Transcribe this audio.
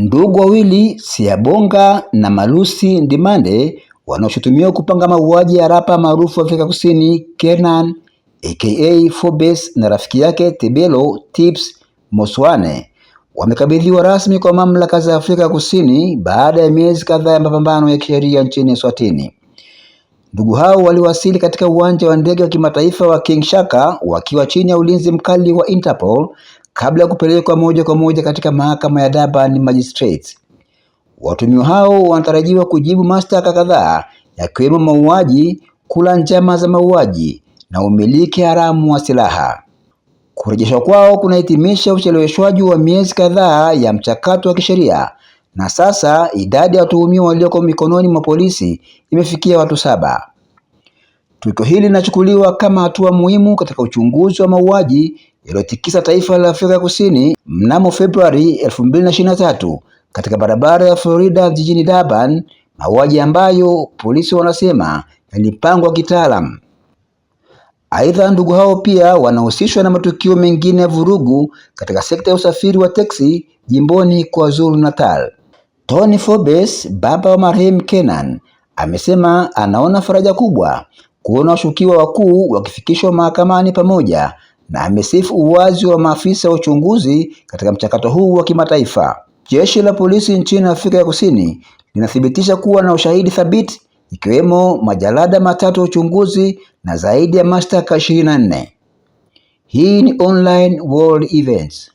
Ndugu wawili Siabonga na Malusi Ndimande wanaoshutumiwa kupanga mauaji ya rapa maarufu Afrika Kusini Kenan aka Forbes na rafiki yake Tebelo Tips Moswane wamekabidhiwa rasmi kwa mamlaka za Afrika Kusini baada ya miezi kadhaa ya mapambano ya kisheria nchini swatini Ndugu hao waliwasili katika uwanja wa ndege wa kimataifa wa King Shaka wakiwa chini ya ulinzi mkali wa Interpol kabla ya kupelekwa moja kwa moja katika mahakama ya Durban Magistrates. Watumio hao wanatarajiwa kujibu mashtaka kadhaa yakiwemo mauaji, kula njama za mauaji na umiliki haramu wa silaha. Kurejeshwa kwao kunahitimisha ucheleweshwaji wa miezi kadhaa ya mchakato wa kisheria na sasa idadi ya watuhumiwa walioko mikononi mwa polisi imefikia watu saba. Tukio hili linachukuliwa kama hatua muhimu katika uchunguzi wa mauaji yaliyotikisa taifa la Afrika Kusini mnamo Februari 2023 katika barabara ya Florida jijini Durban, mauaji ambayo polisi wanasema yalipangwa kitaalam Aidha, ndugu hao pia wanahusishwa na matukio mengine ya vurugu katika sekta ya usafiri wa teksi jimboni KwaZulu Natal. Tony Forbes, baba wa marehemu Kenan, amesema anaona faraja kubwa kuona washukiwa wakuu wakifikishwa mahakamani pamoja na amesifu uwazi wa maafisa wa uchunguzi katika mchakato huu wa kimataifa. Jeshi la polisi nchini Afrika ya Kusini linathibitisha kuwa na ushahidi thabiti ikiwemo majalada matatu ya uchunguzi na zaidi ya mashtaka 24. Hii ni Online World Events.